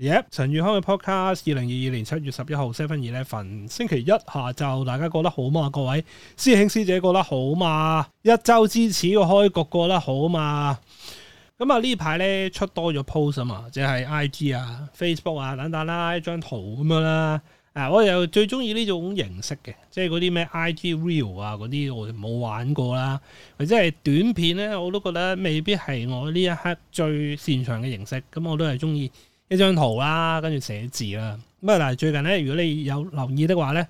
耶！陳宇、yep, 康嘅 podcast，二零二二年七月十一號 seven eleven，星期一下晝，大家過得好嗎？各位師兄師姐過得好，得好嘛？一周之始嘅開局過得好嘛？咁啊，呢排咧出多咗 post 啊嘛，即係 IG 啊、Facebook 啊等等啦、啊，一張圖咁樣啦、啊。誒、啊，我又最中意呢種形式嘅，即係嗰啲咩 IG reel 啊嗰啲，那些我冇玩過啦。或者係短片咧，我都覺得未必係我呢一刻最擅長嘅形式。咁我都係中意。一張圖啦，跟住寫字啦。咁啊，最近咧，如果你有留意的話咧，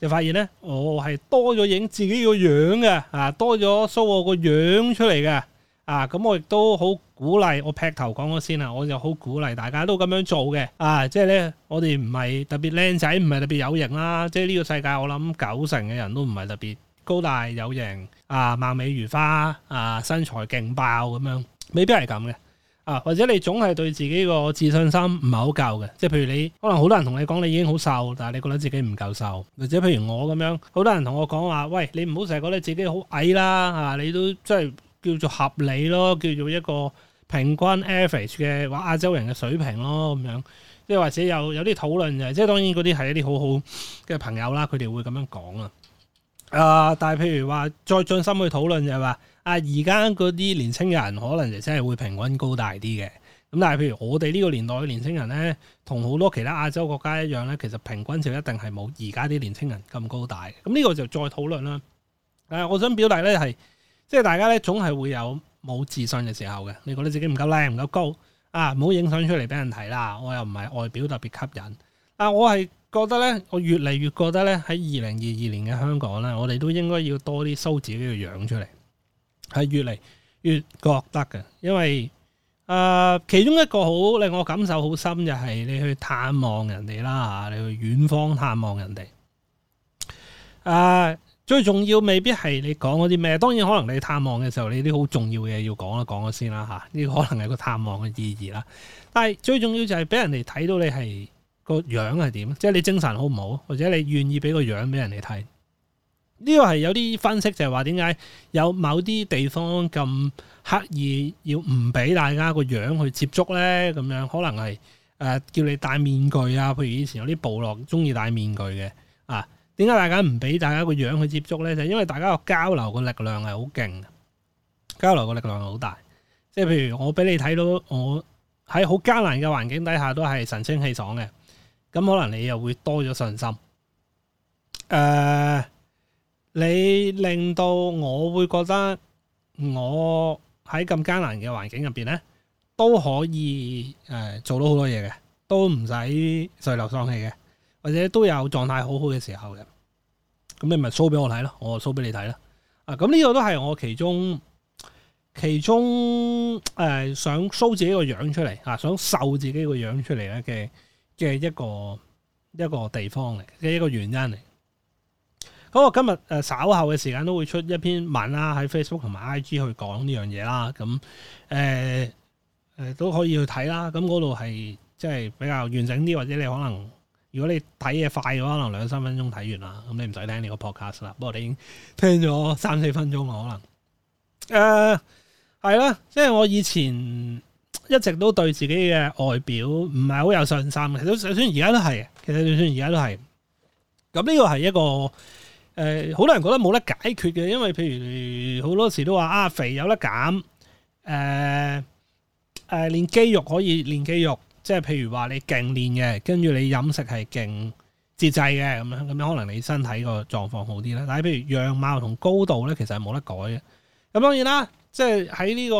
就發現咧，我係多咗影自己個樣嘅，啊，多咗 show 我個樣出嚟嘅，啊，咁我亦都好鼓勵，我劈頭講咗先啦，我就好鼓勵大家都咁樣做嘅，啊，即係咧，我哋唔係特別靚仔，唔係特別有型啦，即係呢個世界，我諗九成嘅人都唔係特別高大有型，啊，貌美如花，啊，身材勁爆咁樣，未必係咁嘅。啊，或者你總係對自己個自信心唔係好夠嘅，即係譬如你可能好多人同你講你已經好瘦，但係你覺得自己唔夠瘦，或者譬如我咁樣，好多人同我講話，喂，你唔好成日覺得自己好矮啦，啊，你都即係叫做合理咯，叫做一個平均 average 嘅話，亞洲人嘅水平咯咁樣，即係或者有有啲討論就即係當然嗰啲係一啲好好嘅朋友啦，佢哋會咁樣講啊、呃，但係譬如話，再進心去討論就係、是、話，啊而家嗰啲年青人可能就真係會平均高大啲嘅。咁但係譬如我哋呢個年代嘅年青人咧，同好多其他亞洲國家一樣咧，其實平均就一定係冇而家啲年青人咁高大。咁呢個就再討論啦。但、啊、我想表達咧係，即係大家咧總係會有冇自信嘅時候嘅。你覺得自己唔夠靚唔夠高啊？唔好影相出嚟俾人睇啦。我又唔係外表特別吸引，但、啊、我係。覺得咧，我越嚟越覺得咧喺二零二二年嘅香港咧，我哋都應該要多啲 show 自己嘅樣出嚟，係越嚟越覺得嘅。因為誒、呃，其中一個好令我感受好深就係、是，你去探望人哋啦吓，你去遠方探望人哋。誒、呃，最重要未必係你講嗰啲咩，當然可能你探望嘅時候，你啲好重要嘅嘢要講啦，講咗先啦吓。呢個可能係個探望嘅意義啦，但係最重要就係俾人哋睇到你係。個樣係點？即係你精神好唔好，或者你願意俾個樣俾人哋睇？呢個係有啲分析，就係話，點解有某啲地方咁刻意要唔俾大家個樣去接觸呢？咁樣可能係誒、呃、叫你戴面具啊。譬如以前有啲部落中意戴面具嘅啊，點解大家唔俾大家個樣去接觸呢？就係、因為大家個交流嘅力量係好勁，交流嘅力量好大。即係譬如我俾你睇到我喺好艱難嘅環境底下都係神清氣爽嘅。咁可能你又會多咗信心，誒、呃，你令到我會覺得我喺咁艱難嘅環境入邊咧，都可以誒、呃、做到好多嘢嘅，都唔使垂頭喪氣嘅，或者都有狀態好好嘅時候嘅。咁你咪 show 俾我睇咯，我 show 俾你睇咯。啊，咁呢個都係我其中其中誒、呃、想 show 自己個樣出嚟、啊、想 show 自己個樣出嚟咧嘅。嘅一個一個地方嚟嘅一個原因嚟，咁我今日誒稍後嘅時間都會出一篇文啦，喺 Facebook 同埋 IG 去講呢樣嘢啦，咁誒誒都可以去睇啦，咁嗰度係即係比較完整啲，或者你可能如果你睇嘢快嘅話，可能兩三分鐘睇完啦，咁你唔使聽呢個 podcast 啦，不過你已經聽咗三四分鐘啦可能，誒係啦，即係我以前。一直都對自己嘅外表唔係好有信心。其實就算而家都係，其實就算而家都係。咁呢個係一個誒，呃、好多人覺得冇得解決嘅，因為譬如好多時都話啊，肥有得減，誒、呃、誒、呃、練肌肉可以練肌肉，即係譬如話你勁練嘅，跟住你飲食係勁節制嘅咁樣，咁樣可能你身體個狀況好啲啦，但係譬如樣貌同高度咧，其實係冇得改嘅。咁當然啦。即係喺呢個誒、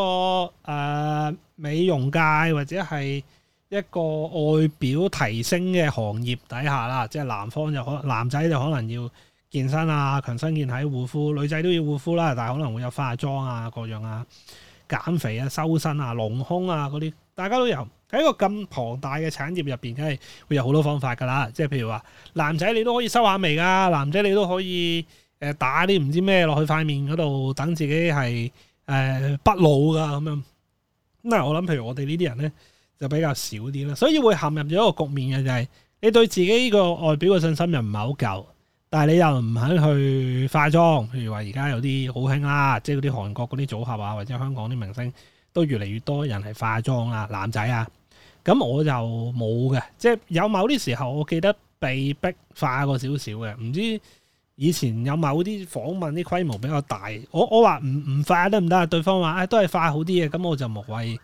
呃、美容界或者係一個外表提升嘅行業底下啦，即係男方就可男仔就可能要健身啊、強身健體、護膚，女仔都要護膚啦，但係可能會有化妝啊、各樣啊、減肥啊、修身啊、隆胸啊嗰啲，大家都有喺一個咁龐大嘅產業入邊，梗係會有好多方法㗎啦。即係譬如話，男仔你都可以收下眉㗎，男仔你都可以誒打啲唔知咩落去塊面嗰度，等自己係。誒、呃、不老噶咁樣，咁我諗，譬如我哋呢啲人咧，就比較少啲啦，所以會陷入咗一個局面嘅就係、是，你對自己個外表嘅信心又唔係好夠，但係你又唔肯去化妝，譬如話而家有啲好興啦，即係嗰啲韓國嗰啲組合啊，或者香港啲明星都越嚟越多人係化妝啦、啊，男仔啊，咁我就冇嘅，即、就、係、是、有某啲時候，我記得被逼化過少少嘅，唔知。以前有某啲訪問啲規模比較大我，我我話唔，唔化得唔得？對方話啊、哎、都係化好啲嘅，咁我就無謂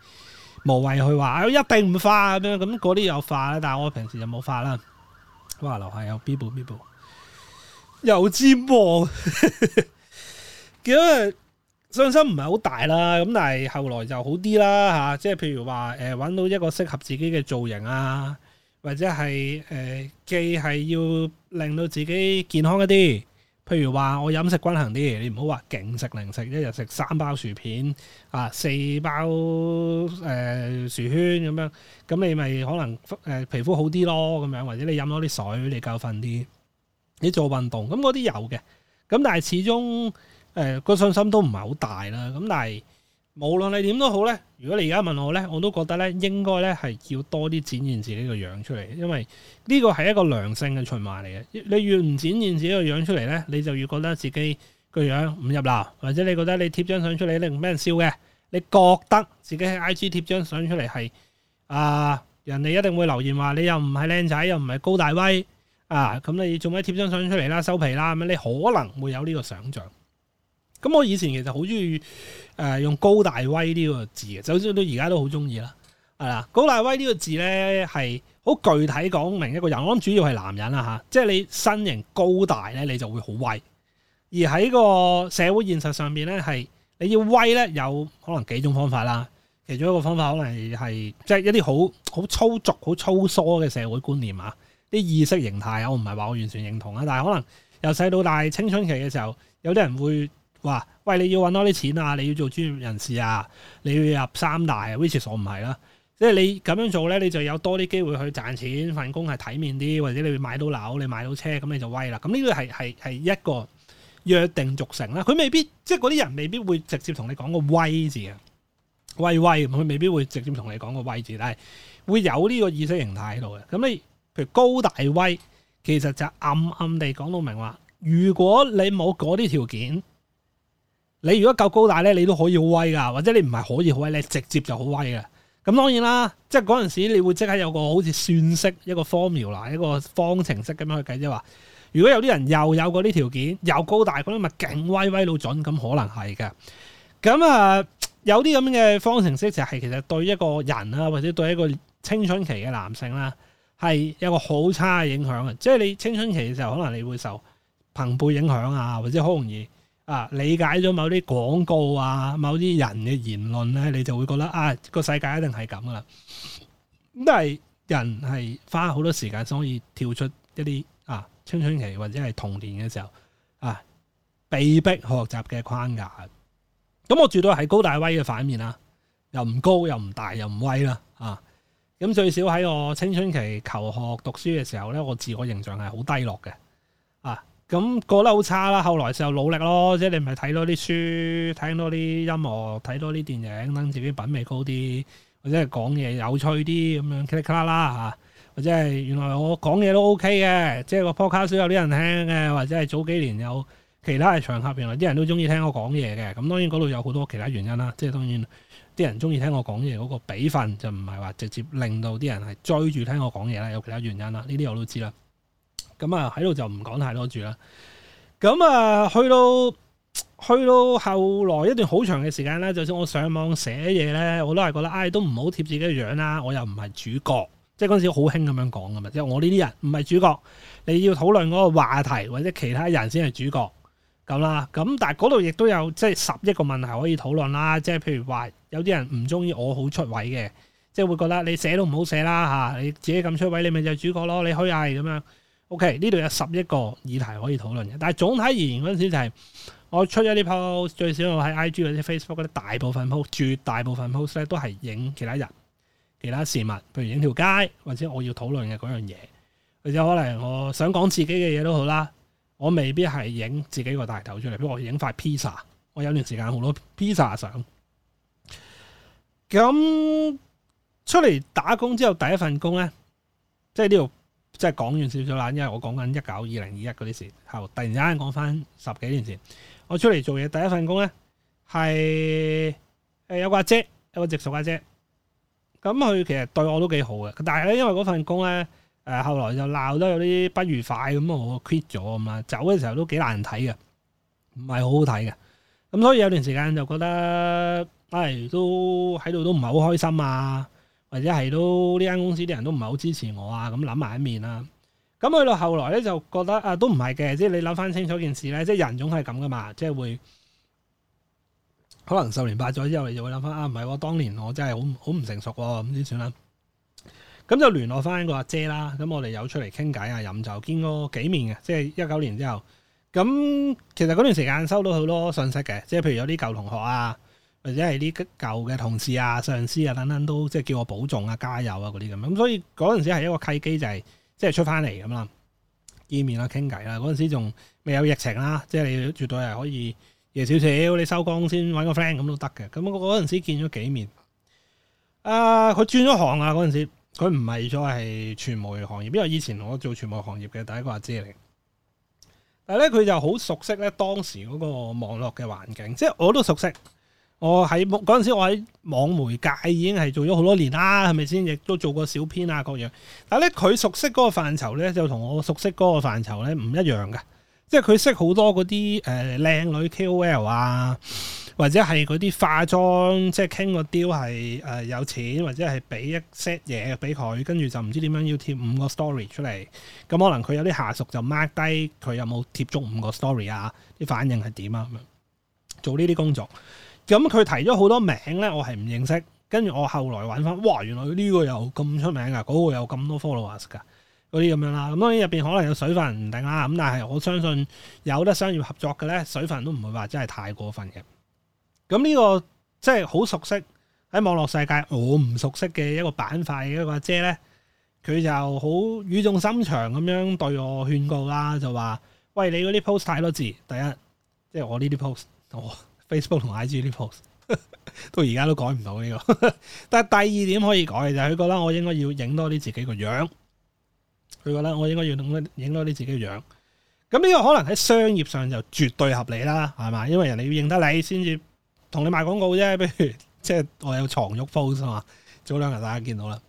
無謂去話、哎、一定唔化咁樣，咁嗰啲有化啦，但係我平時就冇化啦。哇，樓下有 B 部 B 部，又尖波，咁 信心唔係好大啦，咁但係後來就好啲啦嚇，即係譬如話誒揾到一個適合自己嘅造型啊，或者係誒、呃、既係要。令到自己健康一啲，譬如話我飲食均衡啲，你唔好話勁食零食，一日食三包薯片啊，四包、呃、薯圈咁樣，咁你咪可能誒皮膚好啲咯，咁樣或者你飲多啲水，你夠瞓啲，你做運動，咁嗰啲有嘅，咁但係始終誒個、呃、信心都唔係好大啦，咁但係。無論你點都好咧，如果你而家問我咧，我都覺得咧應該咧係要多啲展現自己個樣出嚟，因為呢個係一個良性嘅循環嚟嘅。你越唔展現自己個樣出嚟咧，你就越覺得自己個樣唔入流，或者你覺得你貼張相出嚟你唔俾人笑嘅，你覺得自己喺 IG 貼張相出嚟係啊，人哋一定會留言話你又唔係靚仔，又唔係高大威啊，咁你做咩貼張相出嚟啦，收皮啦咁，你可能會有呢個想像。咁我以前其實好鍾意。誒用高大威呢個字嘅，首先都而家都好中意啦，係啦，高大威呢個字咧係好具體講明一個人，我諗主要係男人啦嚇，即係你身形高大咧，你就會好威。而喺個社會現實上面咧，係你要威咧，有可能幾種方法啦。其中一個方法可能係即係一啲好好粗俗、好粗疏嘅社會觀念啊，啲意識形態。我唔係話我完全認同啦，但係可能由細到大，青春期嘅時候有啲人會。哇！喂，你要搵多啲錢啊！你要做專業人士啊！你要入三大啊，which 我唔係啦，即係你咁樣做咧，你就有多啲機會去賺錢，份工係體面啲，或者你會買到樓，你買到車，咁你就威啦。咁呢個係係係一個約定俗成啦。佢未必即係嗰啲人未必會直接同你講個威字啊，威威，佢未必會直接同你講個威字，但係會有呢個意識形態喺度嘅。咁你譬如高大威，其實就暗暗地講到明話，如果你冇嗰啲條件。你如果夠高大咧，你都可以威噶；或者你唔係可以威，你直接就好威嘅。咁當然啦，即係嗰陣時你會即刻有個好似算式、一個 formula、一個方程式咁樣去計，即係話，如果有啲人又有嗰啲條件，又高大，嗰啲咪勁威威到準咁可能係嘅。咁啊，有啲咁嘅方程式就係、是、其實對一個人啊，或者對一個青春期嘅男性啦，係有個好差嘅影響，即係、就是、你青春期嘅時候，可能你會受朋輩影響啊，或者好容易。啊！理解咗某啲廣告啊，某啲人嘅言論咧，你就會覺得啊，這個世界一定係咁噶啦。咁但係人係花好多時間先可以跳出一啲啊青春期或者係童年嘅時候啊，被逼學習嘅框架。咁我絕對係高大威嘅反面啦，又唔高又唔大又唔威啦啊！咁最少喺我青春期求學讀書嘅時候咧，我自我形象係好低落嘅啊。咁過得好差啦，後來就努力咯，即係你唔係睇多啲書，聽多啲音樂，睇多啲電影，等自己品味高啲，或者係講嘢有趣啲咁樣，click 啦咯啦，或者係原來我講嘢都 OK 嘅，即係個 podcast 有啲人聽嘅，或者係早幾年有其他嘅場合，原來啲人都中意聽我講嘢嘅。咁當然嗰度有好多其他原因啦，即係當然啲人中意聽我講嘢嗰個比分，就唔係話直接令到啲人係追住聽我講嘢啦，有其他原因啦，呢啲我都知啦。咁啊，喺度、嗯、就唔講太多住啦。咁、嗯、啊，去到去到後來一段好長嘅時間咧，就算我上網寫嘢咧，我都係覺得，唉、哎，都唔好貼自己嘅樣啦。我又唔係主角，即係嗰陣時好興咁樣講㗎嘛。即、就、係、是、我呢啲人唔係主角，你要討論嗰個話題或者其他人先係主角咁啦。咁但係嗰度亦都有即係十億個問題可以討論啦。即係譬如話，有啲人唔中意我好出位嘅，即係會覺得你寫都唔好寫啦吓，你自己咁出位，你咪就係主角咯，你虛偽咁樣 OK，呢度有十一個議題可以討論嘅，但係總體而言嗰陣時就係、是、我出咗啲 post，最少我喺 IG 嗰啲、Facebook 嗰啲，大部分 post、絕大部分 post 咧都係影其他人、其他事物，譬如影條街，或者我要討論嘅嗰樣嘢，或者可能我想講自己嘅嘢都好啦。我未必係影自己個大頭出嚟，譬如我影塊 pizza，我有段時間好多 pizza 相。咁出嚟打工之後第一份工咧，即係呢度。即係講完少少啦，因為我講緊一九、二零、二一嗰啲事，後突然之間講翻十幾年前，我出嚟做嘢第一份工咧，係誒有個阿姐，有個直屬阿姐。咁佢其實對我都幾好嘅，但係咧因為嗰份工咧誒，後來就鬧得有啲不愉快咁，我 quit 咗咁啦，走嘅時候都幾難睇嘅，唔係好好睇嘅。咁所以有段時間就覺得唉、哎，都喺度都唔係好開心啊。或者係都呢間公司啲人都唔係好支持我啊，咁諗埋一面啦、啊。咁去到後來咧，就覺得啊，都唔係嘅。即係你諗翻清楚件事咧，即係人總係咁㗎嘛，即係會可能十年八載之後，你就會諗翻啊，唔係喎，當年我真係好好唔成熟喎、啊，咁先算啦。咁就聯絡翻個阿姐啦。咁我哋有出嚟傾偈啊、飲酒、見過幾面嘅。即係一九年之後，咁、嗯、其實嗰段時間收到好多信息嘅，即係譬如有啲舊同學啊。或者係啲舊嘅同事啊、上司啊等等，都即係叫我保重啊、加油啊嗰啲咁。咁所以嗰陣時係一個契機，就係即係出翻嚟咁啦，見面啦、啊、傾偈啦。嗰陣時仲未有疫情啦、啊，即係你絕對係可以夜少少，你收工先搵個 friend 咁都得嘅。咁我嗰陣時見咗幾面。啊，佢轉咗行啊！嗰陣時佢唔係再係傳媒行業，因為我以前我做傳媒行業嘅，第一個阿姐嚟。但係咧，佢就好熟悉咧當時嗰個網絡嘅環境，即係我都熟悉。我喺嗰陣時我喺網媒界已經係做咗好多年啦，係咪先？亦都做過小編啊，各樣。但係咧，佢熟悉嗰個範疇咧，就同我熟悉嗰個範疇咧唔一樣嘅。即係佢識好多嗰啲誒靚女 KOL 啊，或者係嗰啲化妝，即係傾個 deal 係誒有錢，或者係俾一 set 嘢俾佢，跟住就唔知點樣要貼五個 story 出嚟。咁可能佢有啲下屬就 mark 低佢有冇貼足五個 story 啊？啲反應係點啊？咁樣做呢啲工作。咁佢提咗好多名咧，我係唔認識，跟住我後來揾翻，哇，原來呢個又咁出名噶，嗰個又咁多 followers 噶，嗰啲咁樣啦。咁當然入邊可能有水分唔定啦，咁但係我相信有得商業合作嘅咧，水分都唔會話真係太過分嘅。咁呢個即係好熟悉喺網絡世界我唔熟悉嘅一個板塊嘅一個姐咧，佢就好語重心長咁樣對我勸告啦，就話：喂，你嗰啲 post 太多字，第一，即係我呢啲 post。哦 Facebook 同 IG 啲 post 到而家都改唔到呢個，但係第二點可以改嘅就係、是、佢覺得我應該要影多啲自己個樣，佢覺得我應該要影多啲自己嘅樣。咁呢個可能喺商業上就絕對合理啦，係嘛？因為人哋要認得你先至同你賣廣告啫。譬如即係、就是、我有床褥 post 嘛，早兩日大家見到啦。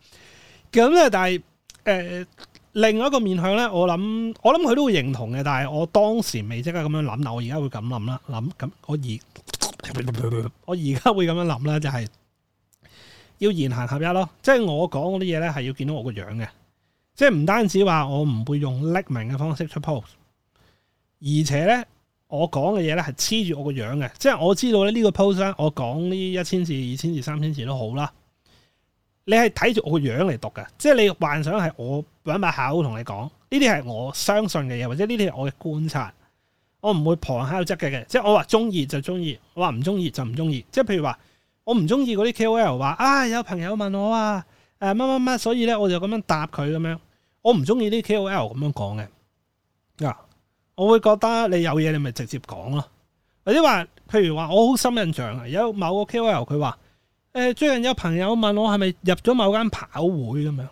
咁咧，但係誒。呃另外一個面向咧，我諗我諗佢都會認同嘅，但係我當時未即刻咁樣諗，但我而家會咁諗啦，諗咁我而我而家會咁樣諗啦，就係要言行合一咯，即係我講嗰啲嘢咧係要見到我個樣嘅，即係唔單止話我唔會用匿名嘅方式出 post，而且咧我講嘅嘢咧係黐住我個樣嘅，即係我知道呢個 post 咧，我講呢一千字、二千字、三千字都好啦。你係睇住我個樣嚟讀噶，即係你幻想係我搵把口同你講，呢啲係我相信嘅嘢，或者呢啲係我嘅觀察，我唔會旁敲側擊嘅，即係我話中意就中意，我話唔中意就唔中意。即係譬如話我唔中意嗰啲 KOL 話啊，有朋友問我啊，誒，乜乜乜，所以咧我就咁樣答佢咁樣，我唔中意啲 KOL 咁樣講嘅。嗱，我會覺得你有嘢，你咪直接講咯，或者話譬如話我好深印象啊，有某個 KOL 佢話。誒，最近有朋友問我係咪入咗某間跑會咁樣，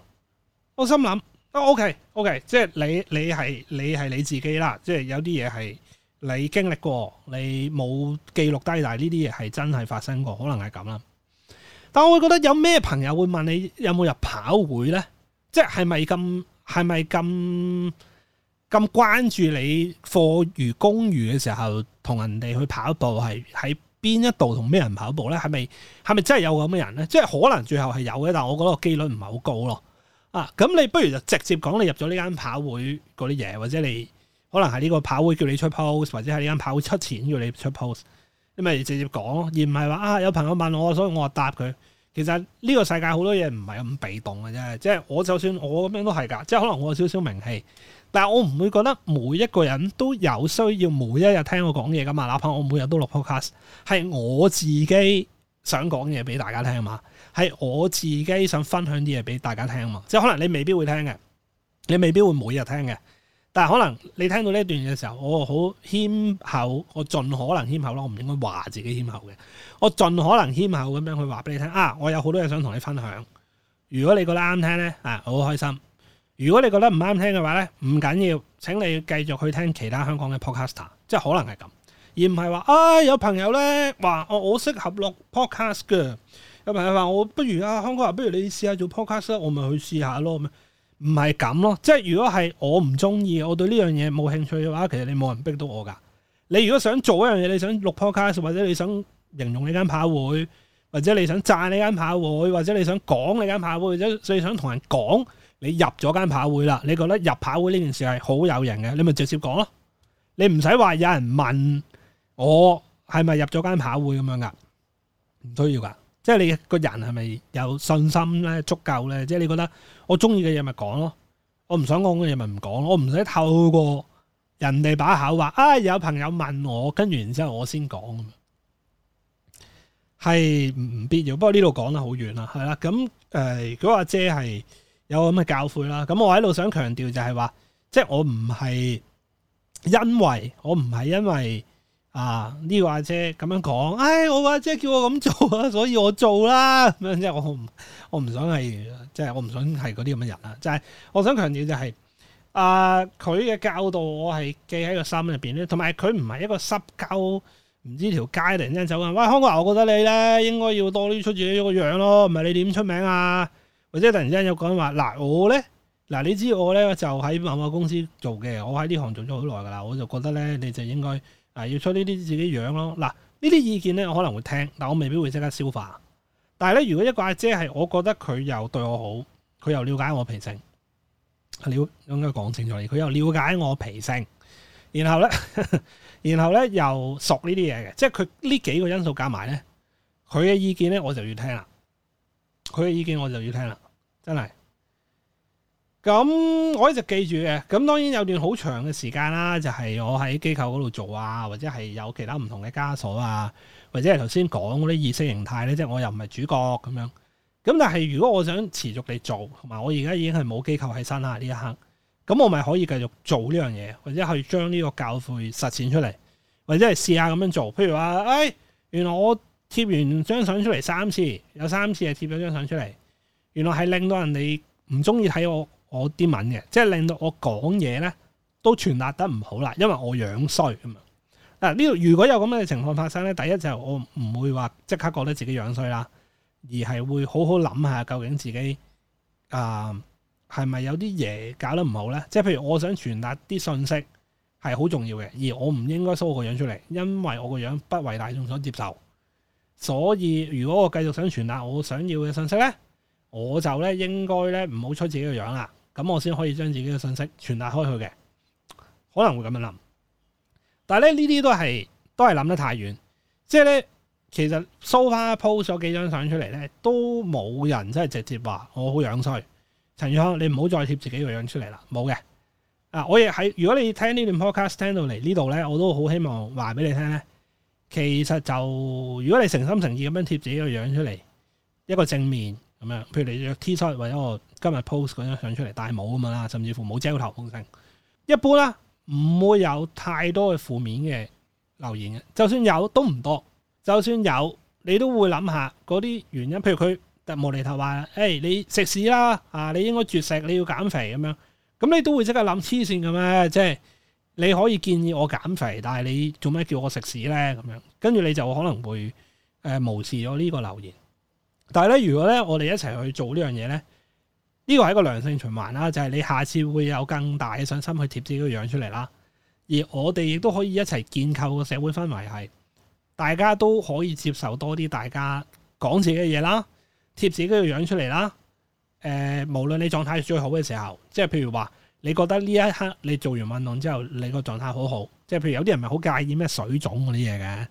我心諗，啊，OK，OK，即係你，你係你係你自己啦，即係有啲嘢係你經歷過，你冇記錄低，但係呢啲嘢係真係發生過，可能係咁啦。但我會覺得有咩朋友會問你有冇入跑會咧？即係咪咁？係咪咁咁關注你？課餘工餘嘅時候，同人哋去跑步係喺？邊一度同咩人跑步咧？係咪係咪真係有咁嘅人咧？即係可能最後係有嘅，但係我覺得個機率唔係好高咯。啊，咁你不如就直接講你入咗呢間跑會嗰啲嘢，或者你可能係呢個跑會叫你出 post，或者係呢間跑會出錢叫你出 post，你咪直接講咯，而唔係話啊有朋友問我，所以我答佢。其實呢個世界好多嘢唔係咁被動嘅啫，即係我就算我咁樣都係噶，即係可能我有少少名氣。但係我唔會覺得每一個人都有需要每一日聽我講嘢㗎嘛，哪怕我每日都錄 podcast，係我自己想講嘢俾大家聽嘛，係我自己想分享啲嘢俾大家聽嘛，即係可能你未必會聽嘅，你未必會每日聽嘅，但係可能你聽到呢一段嘅時候，我好謙厚，我盡可能謙厚咯，我唔應該話自己謙厚嘅，我盡可能謙厚咁樣去話俾你聽，啊，我有好多嘢想同你分享，如果你覺得啱聽咧，啊，好開心。如果你覺得唔啱聽嘅話咧，唔緊要。請你繼續去聽其他香港嘅 podcaster，即係可能係咁，而唔係話啊有朋友咧話我我適合錄 podcast 嘅。有朋友話我不如啊，香港人不如你試下做 podcast，我咪去試下咯咩？唔係咁咯，即係如果係我唔中意，我對呢樣嘢冇興趣嘅話，其實你冇人逼到我㗎。你如果想做一樣嘢，你想錄 podcast 或者你想形容你間跑會，或者你想讚你間跑會，或者你想講你間跑會，或者你想同人講。你入咗間跑會啦，你覺得入跑會呢件事係好有型嘅，你咪直接講咯，你唔使話有人問我係咪入咗間跑會咁樣噶，唔需要噶，即、就、係、是、你個人係咪有信心咧足夠咧？即、就、係、是、你覺得我中意嘅嘢，咪講咯，我唔想講嘅嘢，咪唔講咯，我唔使透過人哋把口話啊、哎、有朋友問我，跟住然之後我先講，咁係唔唔必要。不過呢度講得好遠啦，係啦，咁誒，佢、呃、話姐係。有咁嘅教訓啦，咁我喺度想強調就係話，即係我唔係因為我唔係因為啊呢個阿姐咁樣講，唉、哎，我阿姐叫我咁做啊，所以我做啦，咁樣即係我唔我唔想係即係我唔想係嗰啲咁嘅人啦。就係我想強調就係、是、啊佢嘅教導我係記喺個心入邊，咧，同埋佢唔係一個濕鳩，唔知條街突然間走緊。喂，康哥我覺得你咧應該要多啲出自己個樣咯，唔係你點出名啊？或者突然之間有講話，嗱我咧，嗱你知我咧就喺某某公司做嘅，我喺呢行做咗好耐噶啦，我就覺得咧你就應該啊要出呢啲自己樣咯。嗱呢啲意見咧我可能會聽，但我未必會即刻消化。但係咧，如果一個阿姐係我覺得佢又對我好，佢又了解我脾性，了應該講清楚佢又了解我脾性，然後咧， 然後咧又熟呢啲嘢嘅，即係佢呢幾個因素夾埋咧，佢嘅意見咧我就要聽啦。佢嘅意見我就要聽啦，真係。咁我一直記住嘅。咁當然有段好長嘅時間啦，就係、是、我喺機構嗰度做啊，或者係有其他唔同嘅枷鎖啊，或者係頭先講嗰啲意識形態咧，即、就、係、是、我又唔係主角咁樣。咁但係如果我想持續地做，同埋我而家已經係冇機構喺身下呢一刻，咁我咪可以繼續做呢樣嘢，或者去將呢個教誨實踐出嚟，或者係試下咁樣做。譬如話，誒、哎、原來我。貼完張相出嚟三次，有三次係貼咗張相出嚟，原來係令到人哋唔中意睇我我啲文嘅，即係令到我講嘢咧都傳達得唔好啦，因為我樣衰咁啊！呢度如果有咁嘅情況發生咧，第一就係我唔會話即刻覺得自己樣衰啦，而係會好好諗下究竟自己啊係咪有啲嘢搞得唔好咧？即係譬如我想傳達啲信息係好重要嘅，而我唔應該 show 個樣出嚟，因為我個樣不為大眾所接受。所以如果我繼續想傳達我想要嘅信息咧，我就咧應該咧唔好出自己嘅樣啦，咁我先可以將自己嘅信息傳達開去嘅，可能會咁樣諗。但係咧呢啲都係都係諗得太遠，即係咧其實 so far post 咗幾張相出嚟咧，都冇人真係直接話我好樣衰。陳宇康，你唔好再貼自己個樣出嚟啦，冇嘅。啊，我亦喺，如果你聽呢段 podcast 聽到嚟呢度咧，我都好希望話俾你聽咧。其實就如果你誠心誠意咁樣貼自己個樣出嚟，一個正面咁樣，譬如你着 T ide, 或者我今日 post 嗰張相出嚟戴帽咁樣啦，甚至乎冇遮頭頭風聲，一般啦唔會有太多嘅負面嘅留言嘅，就算有都唔多，就算有你都會諗下嗰啲原因，譬如佢特無嚟頭話誒你食屎啦啊，你應該絕食，你要減肥咁樣，咁你都會刻即刻諗黐線咁樣即係。你可以建議我減肥，但係你做咩叫我食屎呢？咁樣跟住你就可能會誒、呃、無視咗呢個留言。但係咧，如果咧我哋一齊去做呢樣嘢呢，呢個係一個良性循環啦。就係、是、你下次會有更大嘅信心去貼自己個樣出嚟啦。而我哋亦都可以一齊建構個社會氛圍，係大家都可以接受多啲大家講自己嘅嘢啦，貼自己個樣出嚟啦。誒、呃，無論你狀態最好嘅時候，即係譬如話。你覺得呢一刻你做完運動之後，你個狀態好好，即係譬如有啲人唔係好介意咩水腫嗰啲嘢嘅，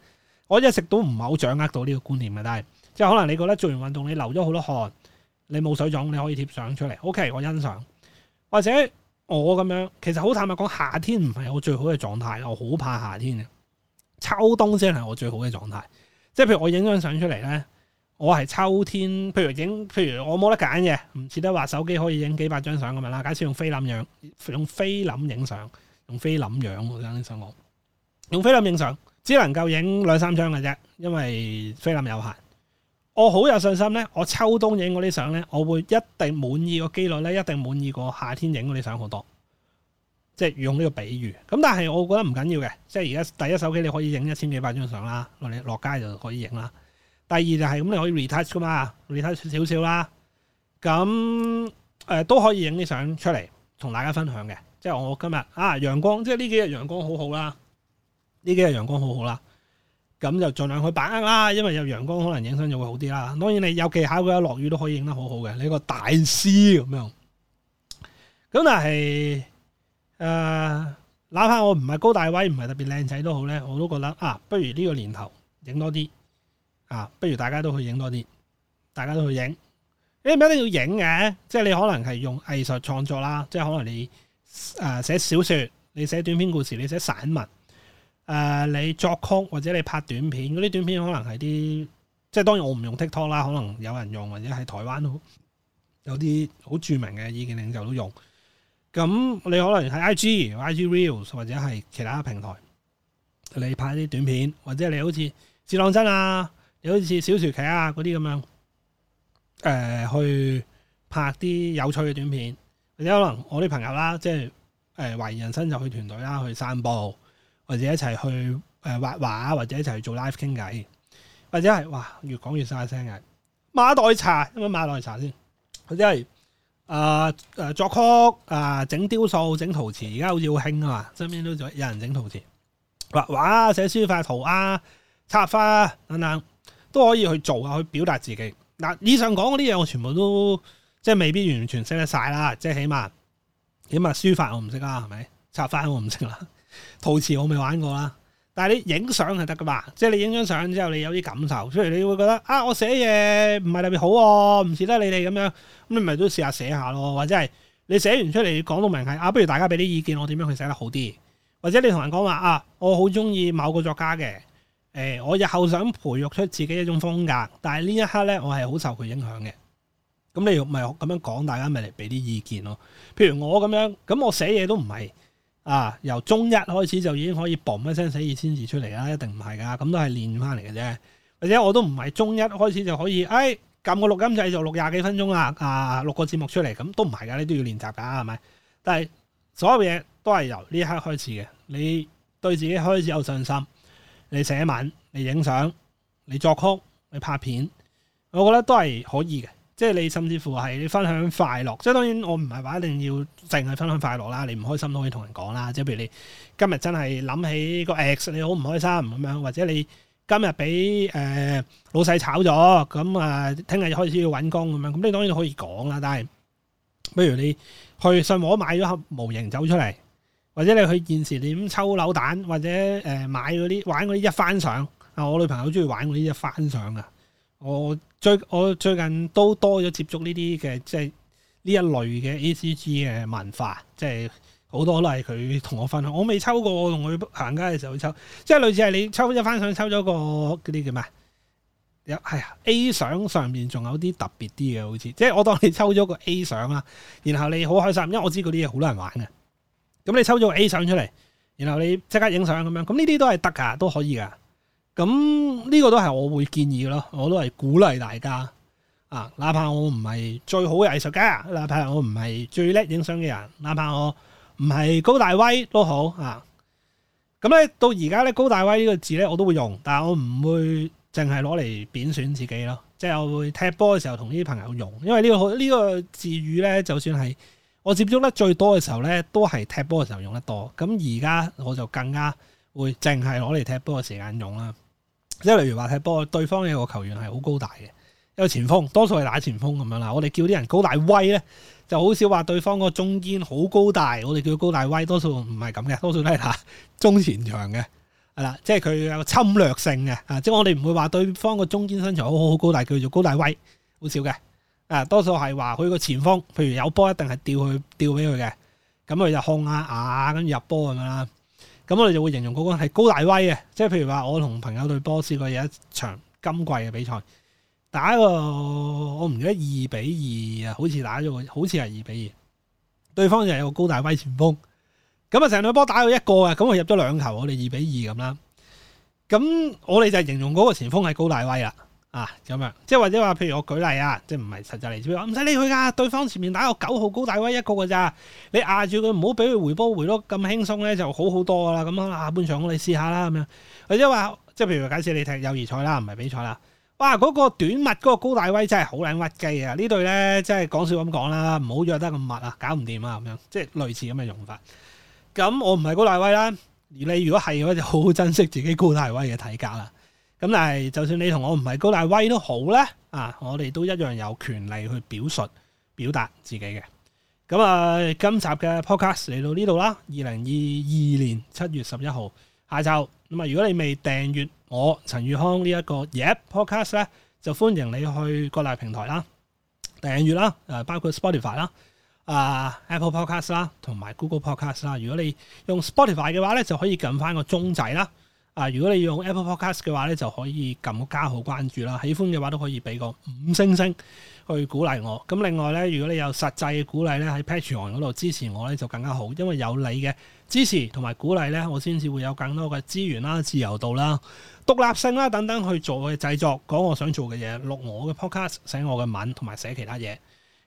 我一直都唔係好掌握到呢個觀念嘅，但係即係可能你覺得做完運動你流咗好多汗，你冇水腫，你可以貼相出嚟，OK，我欣賞。或者我咁樣，其實好坦白講，夏天唔係我最好嘅狀態，我好怕夏天嘅，秋冬先係我最好嘅狀態。即係譬如我影張相出嚟咧。我係秋天，譬如影，譬如我冇得揀嘅，唔似得話手機可以影幾百張相咁樣啦。假設用菲林影，用菲林影相，用菲林樣嗰啲相我，用菲林影相只能夠影兩三張嘅啫，因為菲林有限。我好有信心呢，我秋冬影嗰啲相呢，我會一定滿意個機率咧，一定滿意過夏天影嗰啲相好多。即係用呢個比喻，咁但係我覺得唔緊要嘅，即係而家第一手機你可以影一千幾百張相啦，落嚟落街就可以影啦。第二就係咁，你可以 retouch 噶嘛，retouch 少少啦。咁誒、呃、都可以影啲相出嚟，同大家分享嘅。即係我今日啊，陽光，即係呢幾日陽光好好啦，呢幾日陽光好好啦。咁就儘量去把握啦，因為有陽光可能影相就會好啲啦。當然你有技巧嘅，落雨都可以影得好好嘅，你個大師咁樣。咁但係誒、呃，哪怕我唔係高大威，唔係特別靚仔都好咧，我都覺得啊，不如呢個年頭影多啲。啊，不如大家都去影多啲，大家都去影。你唔一定要影嘅，即係你可能係用藝術創作啦，即係可能你誒、呃、寫小說你寫短篇故事，你寫散文，呃、你作曲或者你拍短片，嗰啲短片可能係啲，即係當然我唔用 TikTok 啦，可能有人用或者喺台灣都，有啲好著名嘅意見領袖都用。咁你可能喺 IG、IG Reels 或者係其他平台，你拍啲短片，或者你好似自浪真啊～你好似小薯茄啊嗰啲咁樣，去拍啲有趣嘅短片，或者可能我啲朋友啦，即係誒、呃、懷疑人生就去團隊啦去散步，或者一齊去誒、呃、畫畫或者一齊去做 live 傾偈，或者係哇越講越晒聲嘅馬代茶，咁樣馬代茶先，或者係誒作曲啊，整、呃、雕塑、整陶瓷，而家好似好興啊嘛，身邊都有人整陶瓷、畫畫、寫書法、圖啊、插花等等。都可以去做啊，去表達自己。嗱，以上講嗰啲嘢，我全部都即係未必完全識得晒啦。即係起碼，起碼書法我唔識啦，係咪？插花我唔識啦，陶瓷我未玩過啦。但係你影相係得㗎嘛？即係你影張相之後，你有啲感受，所以你會覺得啊，我寫嘢唔係特別好啊，唔似得你哋咁樣。咁你咪都試下寫下咯，或者係你寫完出嚟講到明係啊，不如大家俾啲意見，我點樣去寫得好啲？或者你同人講話啊，我好中意某個作家嘅。誒、哎，我日後想培育出自己一種風格，但係呢一刻咧，我係好受佢影響嘅。咁你咪咁樣講，大家咪嚟俾啲意見咯。譬如我咁樣，咁我寫嘢都唔係啊，由中一開始就已經可以嘣一聲寫二千字出嚟啦，一定唔係噶，咁都係練翻嚟嘅啫。或者我都唔係中一開始就可以，哎，撳個錄音掣就錄廿幾分鐘啦，啊，錄個節目出嚟，咁都唔係噶，你都要練習噶，係咪？但係所有嘢都係由呢一刻開始嘅，你對自己開始有信心。你寫文，你影相，你作曲，你拍片，我覺得都係可以嘅。即係你甚至乎係你分享快樂，即係當然我唔係話一定要淨係分享快樂啦。你唔開心都可以同人講啦。即係譬如你今日真係諗起個 X，你好唔開心咁樣，或者你今日俾誒老細炒咗，咁啊聽日開始要搵工咁樣，咁你當然可以講啦。但係不如你去上網買咗盒模型走出嚟。或者你去現時點抽扭蛋，或者誒買嗰啲玩嗰啲一番賞啊！我女朋友好中意玩嗰啲一番賞㗎。我最我最近都多咗接觸呢啲嘅，即係呢一類嘅 A C G 嘅文化，即係好多都係佢同我分享。我未抽過，我同佢行街嘅時候會抽，即係類似係你抽一番賞，抽咗個嗰啲叫咩？有係、哎、A 賞上面仲有啲特別啲嘅，好似即係我當你抽咗個 A 賞啦，然後你好開心，因為我知嗰啲嘢好多人玩嘅。咁你抽咗 A 相出嚟，然後你即刻影相咁樣，咁呢啲都係得噶，都可以噶。咁呢個都係我會建議嘅咯，我都係鼓勵大家啊。哪怕我唔係最好嘅藝術家，哪怕我唔係最叻影相嘅人，哪怕我唔係高大威都好啊。咁咧到而家咧，高大威呢個字咧我都會用，但係我唔會淨係攞嚟貶損自己咯。即係我會踢波嘅時候同呢啲朋友用，因為呢個呢個字語咧就算係。我接觸得最多嘅時候咧，都係踢波嘅時候用得多。咁而家我就更加會淨係攞嚟踢波嘅時間用啦。即係例如話踢波，對方有個球員係好高大嘅，有前鋒，多數係打前鋒咁樣啦。我哋叫啲人高大威咧，就好少話對方個中堅好高大。我哋叫高大威，多數唔係咁嘅，多數都係打中前場嘅，係啦。即係佢有侵略性嘅，即係我哋唔會話對方個中堅身材好好好高大，叫做高大威，好少嘅。啊，多數係話佢個前鋒，譬如有波一定係吊佢吊俾佢嘅，咁佢就控下，跟、啊、住入波咁樣啦。咁我哋就會形容嗰個係高大威嘅。即係譬如話，我同朋友對波試過有一場今季嘅比賽，打個我唔記得二比二啊，好似打咗，好似係二比二。對方就有個高大威前鋒，咁啊成隊波打咗一個啊，咁我入咗兩球，我哋二比二咁啦。咁我哋就形容嗰個前鋒係高大威啦。啊咁樣，即係或者話，譬如我舉例啊，即係唔係實際嚟，唔使理佢噶，對方前面打個九號高大威一個噶咋，你壓住佢唔好俾佢回波回咯，咁輕鬆咧就好好多噶啦。咁樣，下半場你哋試下啦咁樣，或者話即係譬如假設你踢友誼賽啦，唔係比賽啦，哇嗰個短密嗰個高大威真係好撚屈機啊！呢對咧，即係講笑咁講啦，唔好約得咁密啊，搞唔掂啊咁樣，即係類似咁嘅用法。咁我唔係高大威啦，你如果係嘅話，就好好珍惜自己高大威嘅體格啦。咁但係就算你同我唔係高大威都好咧，啊，我哋都一樣有權利去表述、表達自己嘅。咁啊，今集嘅 podcast 嚟到呢度啦，二零二二年七月十一號下晝。咁啊，如果你未訂閱我陳宇康呢一個 Yep podcast 咧，就歡迎你去各大平台啦訂閱啦，誒包括 Spotify 啦、啊、啊 Apple Podcast 啦、同埋 Google Podcast 啦。如果你用 Spotify 嘅話咧，就可以撳翻個鐘仔啦。啊！如果你要用 Apple Podcast 嘅話咧，就可以撳加號關注啦。喜歡嘅話都可以俾個五星星去鼓勵我。咁另外咧，如果你有實際嘅鼓勵咧，喺 Patreon 嗰度支持我咧，就更加好。因為有你嘅支持同埋鼓勵咧，我先至會有更多嘅資源啦、自由度啦、獨立性啦等等去做嘅製作，講我想做嘅嘢，錄我嘅 Podcast，寫我嘅文同埋寫其他嘢。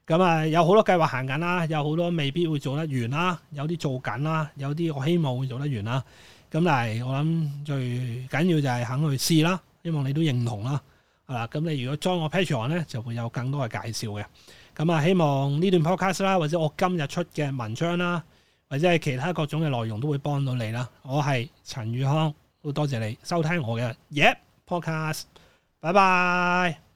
咁、嗯、啊，有好多計劃行緊啦，有好多未必會做得完啦，有啲做緊啦，有啲我希望會做得完啦。咁但係我諗最緊要就係肯去試啦，希望你都認同啦，係啦。咁你如果 join 我 Patreon 咧，就會有更多嘅介紹嘅。咁啊，希望呢段 podcast 啦，或者我今日出嘅文章啦，或者係其他各種嘅內容都會幫到你啦。我係陳宇康，好多謝你收聽我嘅 Yep Podcast，拜拜。